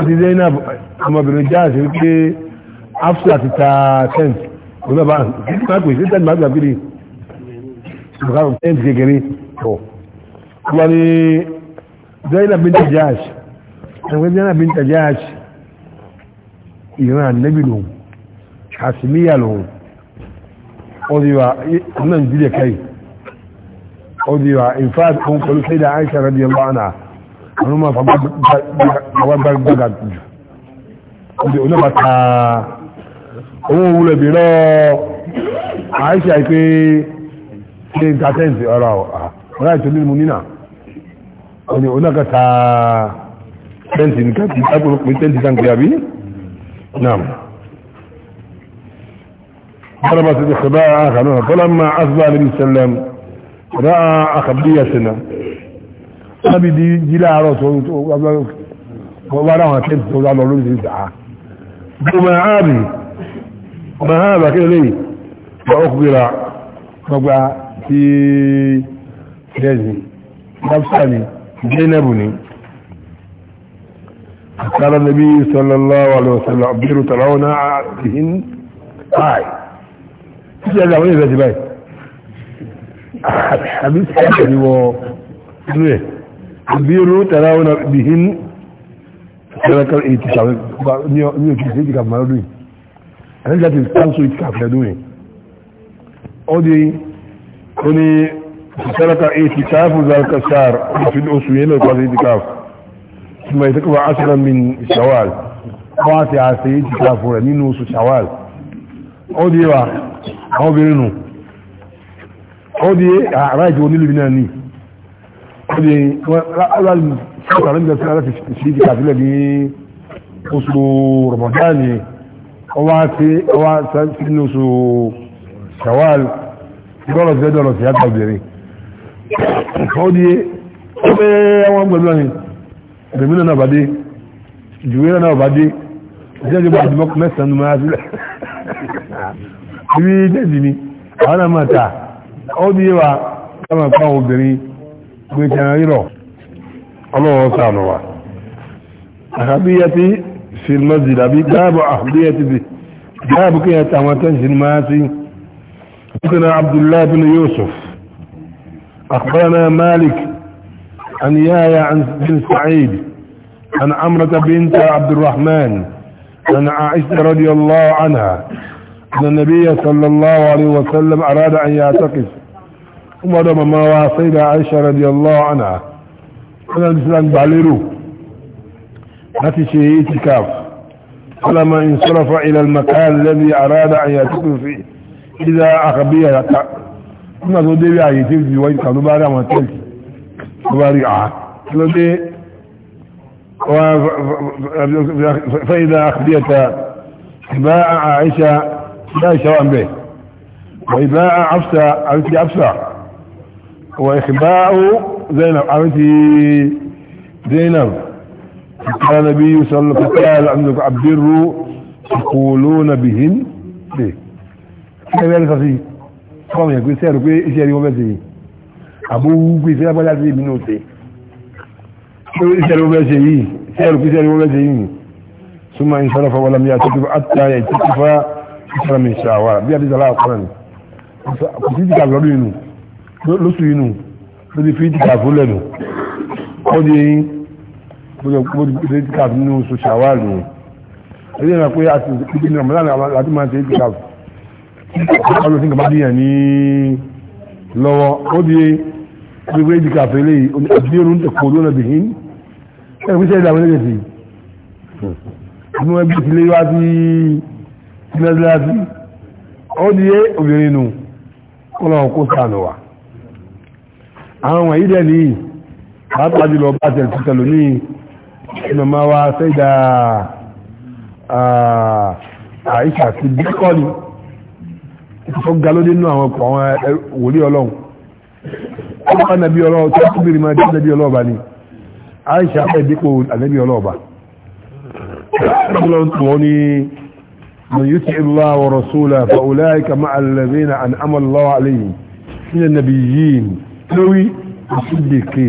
àti Zainab ọmọbìnrin jáàsì wípé afsa ti ta tent olóba ìpínlẹ̀ sí tent magba gidi ọkàrùn tent kékeré ọ̀ wọ́n ni Zainab binta jáàsì ẹgbẹ́ Zainab binta jáàsì ìran nẹ́bì lòun àsìmíyà lòun ọdíwà náà jílẹ̀ káyì ọdíwà in fact òun pẹ̀lú Sayyida Aisha radiyallahu anha àwọn ọmọ fagbá àwọn gbàgbàgbà jù onígbàtà owó wúlò bí lọ àìṣà ìpé ṣe ìtàtẹ́ǹtì ọ̀rọ̀ ọ̀rọ̀ ìtò nínú nínà ọ̀nà onágàtà tẹ́ǹtì nìkan tí tábùrù pé tẹ́ǹtì kan kìí àbí náà ضربت الخباء آخرون فلما أصبح النبي صلى الله عليه وسلم رأى أخبيتنا أبي دي جلال رسول wọ́n bá ráwọn akẹ́kẹ́ tó bá lọ lórí ìdáa gbogbo ààbì ọmọ ààbà kí lè wà ó kúgbìra gbogbo tí dẹ́sì dáfíà ni jẹ́nẹ́bù ni àkàrà nàbí sallallahu alaihi wasallam ẹlẹ́kẹ́rẹ́ èyí ti sàwọn ní òkè sí ìtìkà fún ọdún yìí ẹlẹ́kẹ́ ti sáńsó ìtìkà fún ọdún yìí ó di ó ní sàrẹ́kà èyí ti sáàfù zàrẹ́kà sàr òfin oṣù yẹn lẹ́kọ́ sí ìtìkà fún ọmọ ìtìkà fún asọ́nà mi ṣàwàl wọ́n á ti àṣẹ ìtìkà fún rẹ̀ nínú oṣù ṣàwàl ó di wa àwọn obìnrin nù ó di àrà ìjọ onílù náà ní ó di wọ́n kọ́kàrà ń jẹ́ láti ṣe ìjìká sílẹ̀ ní oṣù rọ̀mọ̀dáàni ọwá tí ọwá sínú oṣù ṣàwàl ìgbọ́rọ̀ sí ẹjọ́ ọ̀sẹ̀ yàtọ̀ obìnrin ó di ó pé ẹwọ́n pẹ̀lú ọ̀nì ẹ̀mí náà bàdé ìjùwé náà bàdé ìjẹ́jú bá àdìmọ́ mẹ́sàn-án máa sílẹ̀ ibi jẹ́jì ni àwọn àmàta ó di wa ká máa pa obìnrin pé kẹrin rírọ̀ ọlọ́wọ́ sànù wa àkàbíyàtí sí masjid àbí dáàbò àkàbíyàtí sí dáàbò kí ẹ tàwọn tẹ́ǹsì máa sí ọkùnrin abdullahi أخبرنا مالك عن يايا عن بن سعيد عن عمرة بنت عبد الرحمن عن عائشة رضي الله عنها أن النبي صلى الله عليه وسلم أراد أن يعتقد ومضى ما واصل عائشة رضي الله عنها ọlọ́run islam gbà lérò láti ṣe itikaf ọlọ́mọ ìsọ́rọ̀fà ilẹ̀ makan lẹ́bí àrádà àyàtíkù fi ìdá àkàbíyà yàtà nígbà tó débi àyè tí ìdíwọ́ ìkà ló bá rí àwọn tẹ́lì ló bá rí àá kí ló dé فإذا أخبيت باع عائشة لا شوء به وإباع عفسة عفسة وإخباء zainab àti zainab قال النبي صلى الله عليه وسلم قال عندك عبدروا تقولون بهن ليه كيف يعرف فيه قام يقول سير كوي ايش يريد وبس ابو كوي سير بلا زي بنوتي كوي ايش يريد وبس يي سير كوي سير وبس يي ثم انصرف ولم يعتكف حتى يعتكف كثر من شاور بيا بيزلا قرن كنت قال له نو لو سو نو ó ti fi tìkà fún lẹ́nu ó di eyín ó ti fi tìkà fún nínú oṣù ṣàwárí rẹ̀ ẹ̀rí ẹ̀rọ pé àti ìdí ní ọmọdé àti máa ń ṣe tìkà fún ọlọ́ sí nǹkan bá dìyàn ní lọ́wọ́ ó di gbogbo tìkà fún eléyìí àti orun tẹ̀ kó lónà bìhín ẹ̀rọ pé sẹ́yìn làwọn ẹlẹ́gẹ̀ẹ́sì inú ẹbí ti lé wá sí sílẹ̀ sílẹ̀ sí ó di obìnrin nù kó lọ́wọ́ kó sànù wà àwọn wọ̀nyí dẹ̀ ní pàápàá jùlọ bá tẹ̀ títẹ̀ lóní ẹnu máa wá sẹ́dà àìṣà ti díkọ́ ni ìfọ́ galódé nínú àwọn ọkọ̀ àwọn wòlíì ọlọ́run من يطع الله ورسوله فأولئك مع الذين أنعم الله عليهم من النبيين lórí ìṣídèké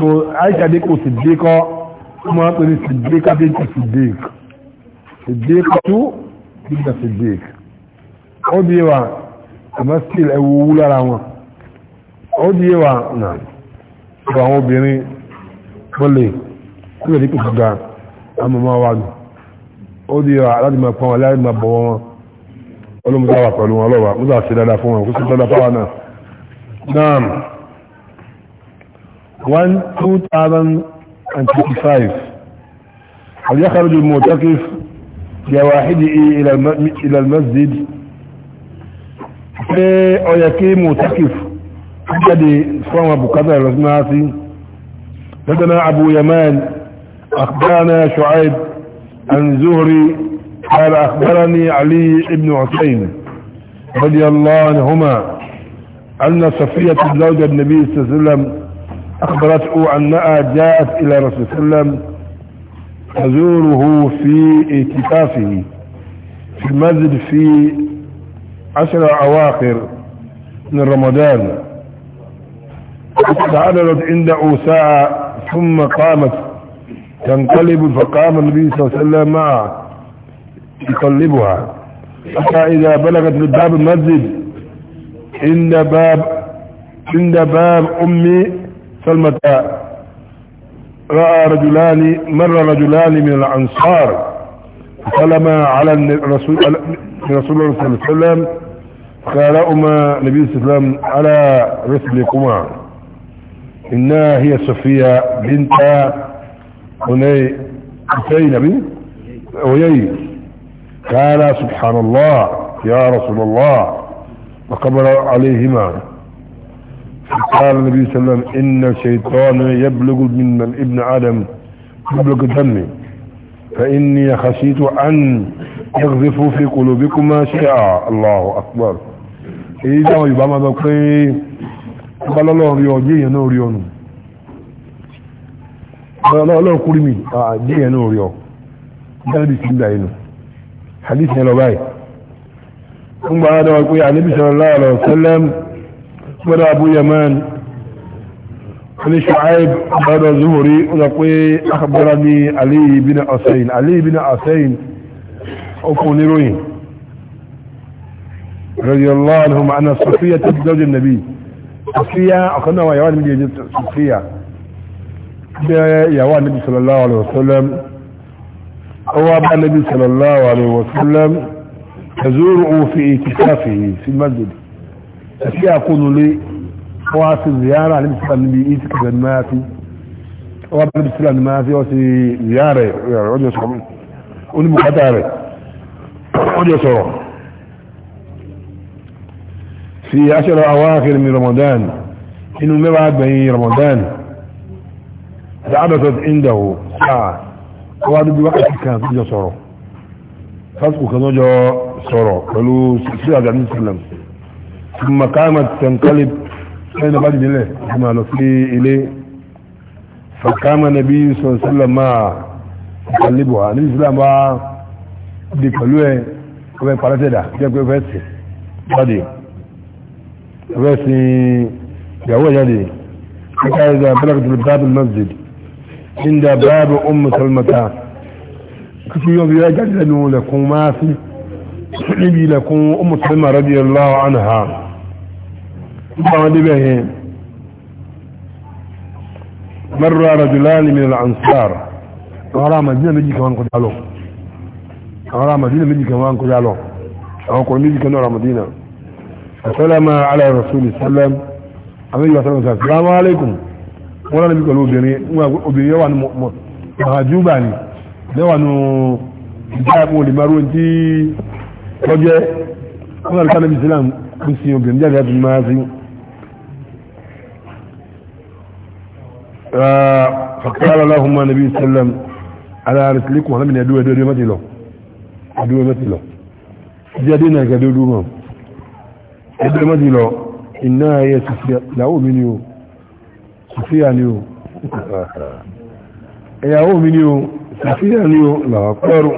so àìsàdé kò sì dé kọ́ ó máa ń pè ní sìdéka bí ti sìdék sìdéka tó bí ti sìdék ó di wa àmọ́ still ẹ̀wù owó lára wọn ó di wa nà ọ̀rọ̀ àwọn obìnrin wọlé kúrò ní kò gbà àmọ́ máa wà nù ó di wa aláàdì máa pọ́n wọn aláàdì máa bọ̀ wọn ọlọ́mọdé wà pẹ̀lú wọn ọlọ́wà mọ́tò àti dáadáa fún wọn kó sì dáadáa fáwọn náà. نعم 1 2025 هل يخرج المتكف يا الى الى المسجد او يكي معتكف قد فهم ابو كذا لدنا ابو يمان اخبرنا شعيب عن زهري قال اخبرني علي بن حسين رضي الله عنهما أن صفية زوجة النبي صلى الله عليه وسلم أخبرته أنها جاءت إلى رسول صلى الله عليه وسلم تزوره في اعتكافه في المسجد في عشر أواخر من رمضان تعرضت عنده ساعة ثم قامت تنقلب فقام النبي صلى الله عليه وسلم معه يقلبها حتى إذا بلغت من باب المسجد عند باب عند باب أم سلمة رأى رجلان مر رجلان من الأنصار فسلم على الرسول رسول الله صلى الله عليه وسلم قال أما نبي صلى الله عليه وسلم على رسلكما إنها هي صفية بنت هني نبي ويي قال سبحان الله يا رسول الله فقبل عليهما قال النبي صلى الله عليه وسلم إن الشيطان يبلغ من ابن آدم يبلغ دمي فإني خشيت أن يغذف في قلوبكما شيئا الله أكبر إذا يبقى ماذا قال الله نور نوريون قال الله كرمي جي نوريون قال بسم الله حديثنا لو بايه ثم أنا وقوي عن النبي صلى الله عليه وسلم ولا أبو يمان عن شعيب هذا زهري وقوي أخبرني علي بن أسين علي بن أسين أكون روين رضي الله عنهم عن صفية زوج النبي صفية أخذنا ويوان من يجد صفية يوان النبي صلى الله عليه وسلم هو النبي صلى الله عليه وسلم تزوره في اعتكافه في المسجد فشي أقول لي واصل زيارة على مثل النبي إيتك بالماتي وابن بسلا الماتي وسي زيارة عود يسرم ولي مقدارة عود في عشر أواخر من رمضان إنه ما بعد به رمضان تعرفت عنده ساعة وهذا بوقت كان يسرم فاسقه كان جوه sọ̀rọ̀ pẹ̀lú sí àgbàdì islam makama tankali sai na bájì nílẹ̀ ma lọ sí ilé fakama nabi sọ̀sílẹ̀ máa kalibu a ní islam bá di pẹ̀lú ẹ ọbẹ̀ paratẹ́dà jẹ́ pé fẹ́ sí jáde ọbẹ̀ sí ìyàwó jáde kíkà ìdá bẹ́lẹ̀kùtù bábí masjid inda bábí umu salmata kíkú yóò fi yá jáde lẹ́nu lẹ́kùn máa fi níbi kun Ummu Salama radiyallahu anha nígbà wọn débẹ̀ yẹn marra rajulani min al-ansar àwọn Madina méjì kan wá ń kọjá Madina méjì kan wá ń kọjá lọ àwọn ọkùnrin kan náà Madina asalama ala sallam lọ́jẹ́ ọmọ ìrìkà níbi islam kú sí obìnrin jáde láti máa sí fàkàrà aláhùnmá nàbí sallam alárìsílẹ̀kùn alámi ní adúwẹ̀ dúwẹ̀ mẹ́tìlọ adúwẹ̀ mẹ́tìlọ ìdí adé náà gẹ̀dẹ̀ dúró mọ́ adúwẹ̀ mẹ́tìlọ iná ayé sùfíà ìyàwó mi ni o sùfíà ni o ìyàwó mi ni o sùfíà ni o làwà pẹ́rù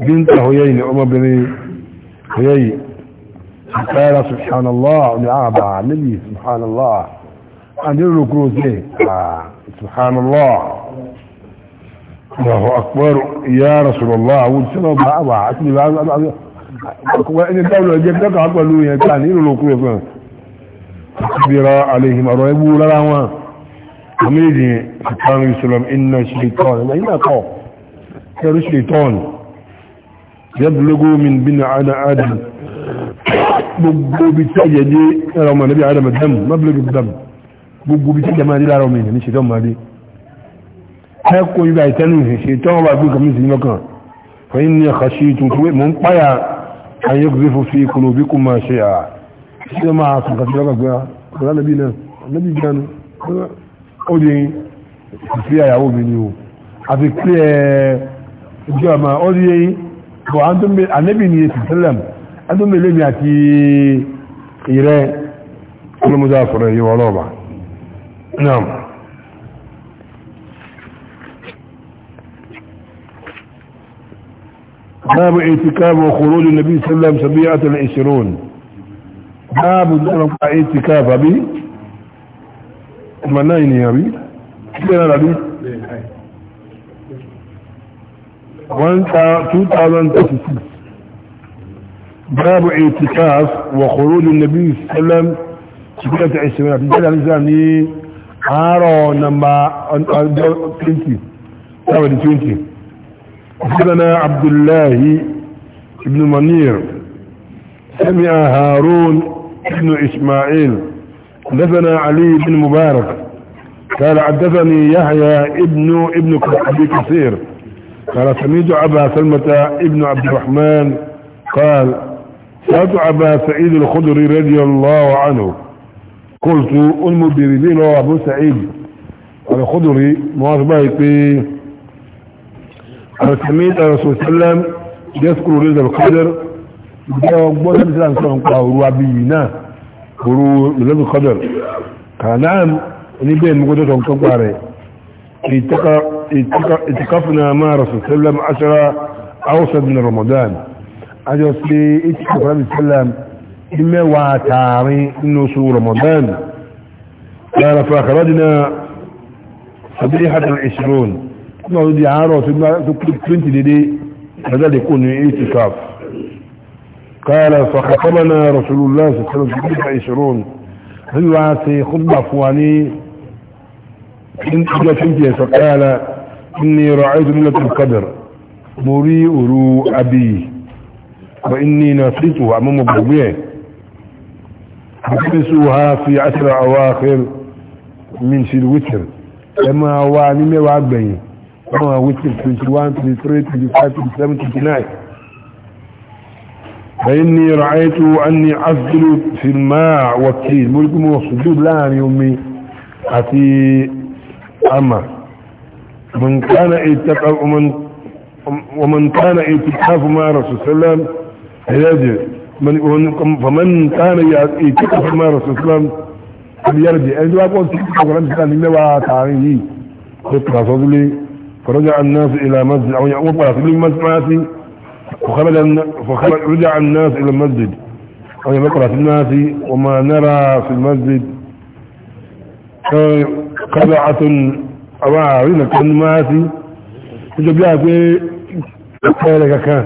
بنت هيين أم بني هيين قال سبحان الله لعبا النبي سبحان الله عندنا الكروز ليه آه، سبحان الله الله أكبر يا رسول الله أقول سنة بأبع أتني بأبع وإن الدولة جب لك أقول يعني له يتعني إلو الكروز تكبر عليهم أرهبوا لهم حميدي سبحانه وسلم إن الشيطان ما إلا قوم كان الشيطان يبلغ من بن عنا آدم gbogbo bi tí ẹ̀yẹ̀ dé ẹ̀rọ ọmọ níbi àádọ́mọ̀ dẹ́mù mọ́bílẹ̀gì dẹ́mù gbogbo bi tí ẹ̀yẹ̀ máa dé lára ọmọ ènìyàn ní ṣètọ́ ọmọdé ẹ̀kọ́ ibà ìtẹ́nu ṣètọ́ ọmọ àgbẹ̀ kàmí sí mọ́kàn fẹ́yìn ní àkàṣí tuntun pé mò ń páyà ayé kò fífò fi kùnú òbí kò máa ṣe à ṣé máa sùn kàṣí lọ́kàgbé ọ̀rọ̀ nàbí náà nàbí ìjánu ó di ìfìyàwó mi ni o àfi clear ìjọ àmà ó di bọ̀ anẹ́bì ni èsì tẹ́lẹ̀m ẹdún ilé mi ti ìrẹ́ olómọdé àfọ̀rẹ́ yíwọ ọlọ́ọ̀bà náà باب اعتكاف وخروج النبي صلى الله عليه وسلم سبيعة العشرون باب اعتكاف أبي منين يا أبي كيف أنا باب اعتكاف وخروج النبي صلى الله عليه وسلم سبيلة عشرينات نجد ني عارو نمبر 20 20 عبد الله بن منير سمع هارون بن إسماعيل حدثنا علي بن مبارك قال حدثني يحيى ابن ابن كثير قال سميت عبا سلمة ابن عبد الرحمن قال سألت عبا سعيد الخدري رضي الله عنه قلت أم بريدين أبو سعيد الخدري مواظبائي أنا سميت الرسول صلى الله عليه وسلم يذكر رضا القدر يقول النبي صلى الله عليه وسلم رضا القدر قال نعم بين مقدرتهم كم قارئ اتقفنا مع رسول الله سلم عشرة أوسط من رمضان أجل سي رمي سلم إما واتاري نسو رمضان قال فأخرجنا صبيحة العشرون كنا ودي عارو ثم تكتب 20 دي هذا يكون اتقاف قال فخطبنا رسول الله صلى الله عليه وسلم عشرون هل وعسي خطبة فواني إن إجا سنتي فقال إني رعيت ملة القدر مري أرو أبي وإني نسيتها أمام بغبيه حفظوها في عشر أواخر من شي الوتر لما هو نمي وعبي هو وتر 21 23 25 27 29 فإني رأيت أني أفضل في الماء والتين ملكم وصدود لا يومي أتي أما من كان يتقى ومن ومن كان اتقاف مع رسول الله يجب من فمن كان اتقاف مع رسول الله يرجع أنت لا تقول تقول أنت كان لما تعانيه فكرة صدلي فرجع الناس إلى مسجد أو يقوم برسول مسمعتي فخرج رجع الناس إلى المسجد أو يقرأ في الناس وما نرى في المسجد kábàtún àwọn àárín nìkan ní máa sí ìjọ bí àgbé ẹ̀rẹ̀ kankan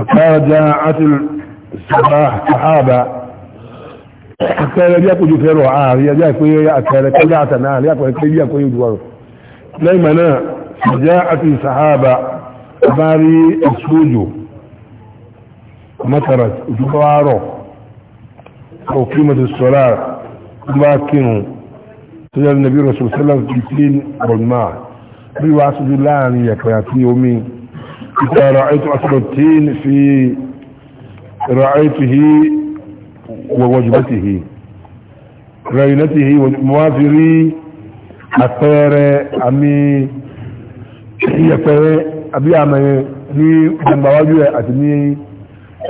àkájá àti sàhábà àkẹrẹ bí àpòjù fẹ́rọ àárín ẹjá ìpé àkẹrẹ kọjá àtànà àárín àpẹrẹ pé bí àpòjù ìdúwọ̀rọ̀ lẹ́yìn mọ̀ náà àjá àti sàhábà bá rí ìṣòjò mọ́tàrà ìdúbọ̀ àárọ̀ أو قيمة الصلاة mákìrùn tó yẹ́ nàbí rọ̀sọ̀sọ́lá fìtín bọ̀nmá bí wá sójú láàrin yẹ̀pẹ̀ àti omi ìta ra'aitu asọ̀tín fi ra'aituhi wọ̀wọ̀jùmọ́tìhì ra'ainatihi mọ́wáfírí àpẹẹrẹ àmì yẹ̀pẹ̀ àbí àmì ní gbàmbáwájú ẹ̀ àti ní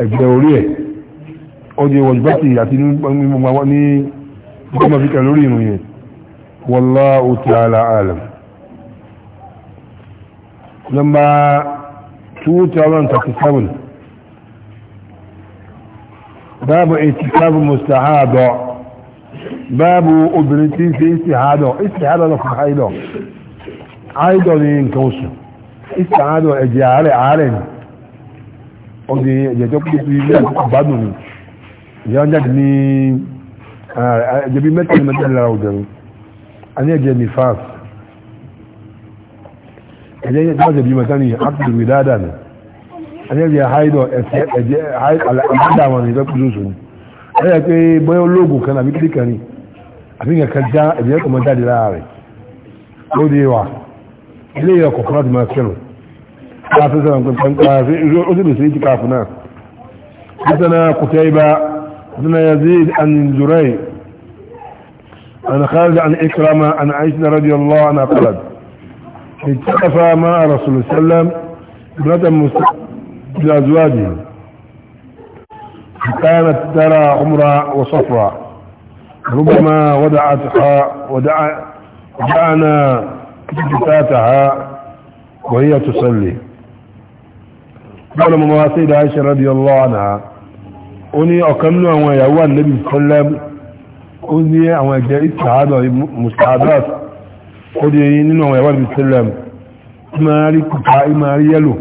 ẹgbẹ̀ orí ẹ̀ ó di wọ̀jùmọ́tìhì àti ní kuma fi kan lórí ìròyìn wallahu ta'ala alam nọ́mbà 2037 babu itikaf mustahada babu obìnrin tí ń ṣe istihada istihada lọ fún haidọ haidọ ni nǹkan oṣù istihada ẹ̀jẹ̀ àárẹ̀ àárẹ̀ ni ọdún ẹ̀jẹ̀ tó kú sí ilé àkókò gbádùn ni ìyá ń jáde ẹ̀jẹ̀bí ah, mẹ́ta ni mẹ́ta lára obìnrin a ní ẹ̀jẹ̀ nifas ẹ̀jẹ̀ yẹ́ jẹ́ bí mẹ́ta ni abdul widada ni a ní ẹ̀jẹ̀ haidọ̀ ẹ̀jẹ̀ aláàdá wọn ni lọ́pọ̀ lóṣù ni ẹ̀yẹ pé bọ́yọ́ ológun kan àbí kíríkà ni àbí nǹkan já ẹ̀jẹ̀ kọ̀ mọ́ jáde lára rẹ̀ ó di wa ilé yẹ ọkọ̀ fúnra ti máa kẹrù káfíńsà ń pẹ́ pẹ́ ń pa ó sì lè ṣe é ti káfíńsà بن يزيد عن زريع عن خالد عن إكرمة عن عائشة رضي الله عنها قالت اتقف مع رسول الله صلى الله عليه وسلم ابنة لأزواجه كانت ترى عمرة وصفرة ربما ودعتها ودع ودعنا فتاتها وهي تصلي قال مواسيد عائشة رضي الله عنها ó ní ọ̀kan nínú àwọn ìyàwó ànẹ́bì sọ́lẹ́m ó ní àwọn ẹ̀jẹ̀ ìtàhádọ̀ mustahadat ó di eyín nínú àwọn ìyàwó ànẹ́bì sọ́lẹ́m ìmárí pupa ìmárí yẹ́lò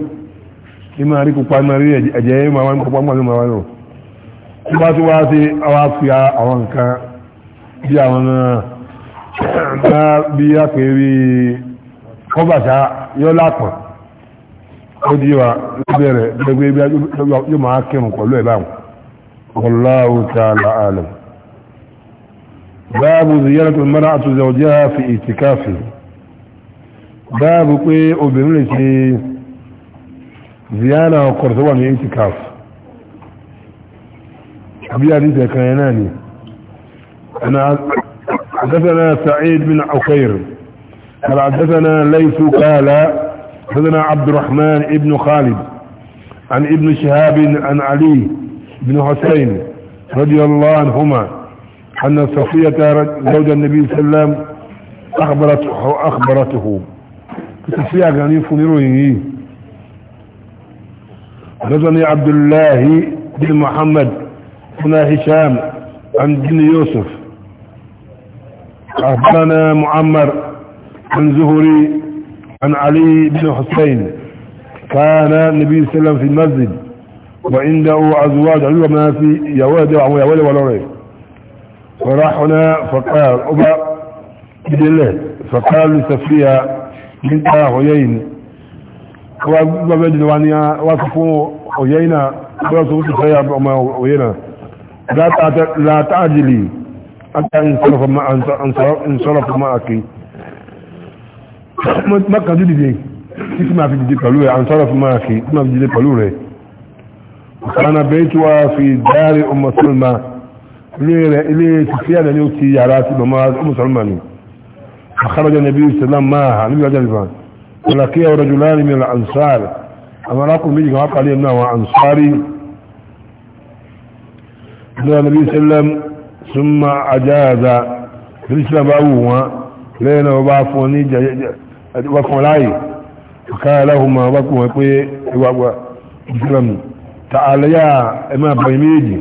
ìmárí pupa ìmárí ẹ̀jẹ̀ ìmárí pupa ìmárí pupa ìmárí tí bá tó wá sí àwọn fi àwọn nǹkan bí àwọn náà bí ó di wa lọ́bẹ̀rẹ̀ gbẹgbẹ́ yóò máa kírun pẹ̀lú ẹ̀ والله تعالى أعلم باب زيارة المرأة زوجها في اعتكافه باب قوي أبنلتي زيارة وقرطوة من اعتكاف أبي حديثة كيناني أنا حدثنا سعيد بن عقير قال حدثنا ليس قال حدثنا عبد الرحمن ابن خالد عن ابن شهاب عن علي بن حسين رضي الله عنهما أن صفية زوج النبي صلى الله عليه وسلم أخبرته, أخبرته صفية كان يفنروه رضني عبد الله بن محمد هنا هشام عن بن يوسف أخبرنا معمر عن زهري عن علي بن حسين كان النبي صلى الله عليه وسلم في المسجد وعنده أزواج علوة ما في يواد وعمو يوالي ولوري فرحنا فقال أبا بد الله فقال لسفيها من هيين وما بجد وانيا وصفوا هيينا وصفوا سفيا بأما هيينا لا لا تعجلي حتى انصرف ما انصرف معك ما كان جدي دي كما في جدي قالوا انصرف معك ما في جدي قالوا أنا بيتها في دار أم سلمة إليه سفيانة لأتي ياراتي مماز أم سلماني فخرج النبي صلى الله عليه وسلم معها نبي عجل فان ولقيه رجلان من الأنصار أما لكم بيجي قال عليه أنه أنصاري قال النبي صلى الله عليه وسلم ثم أجاز فلسل بأوه لين وبعفوني وفلاي فقال لهما وكما يقول وسلم تعالى يا امام بيميدي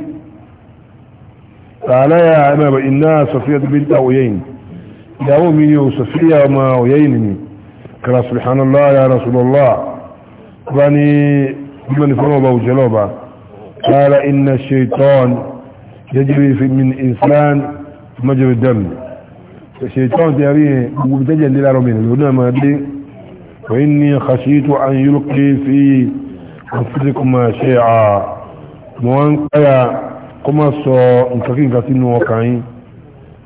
تعالى يا امام إنا صفية بنت أويين يا أمي وصفية وما أويينني قال سبحان الله يا رسول الله بني بمن فروبة وجلوبة قال إن الشيطان يجري في من إنسان مجرى الدم الشيطان تيريه مبتجا للأرمين وإني خشيت أن يلقي في anfusikuma shay'a mo ń pẹ́yà kó má sọ nǹkan kí nǹkan sínú ọkàn yín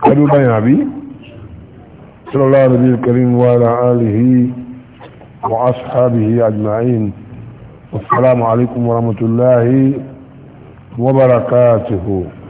kẹ́lú báyìí àbí sallallahu alaihi karim wa ala alihi wa ashabihi ajma'in assalamu alaikum wa rahmatullahi wa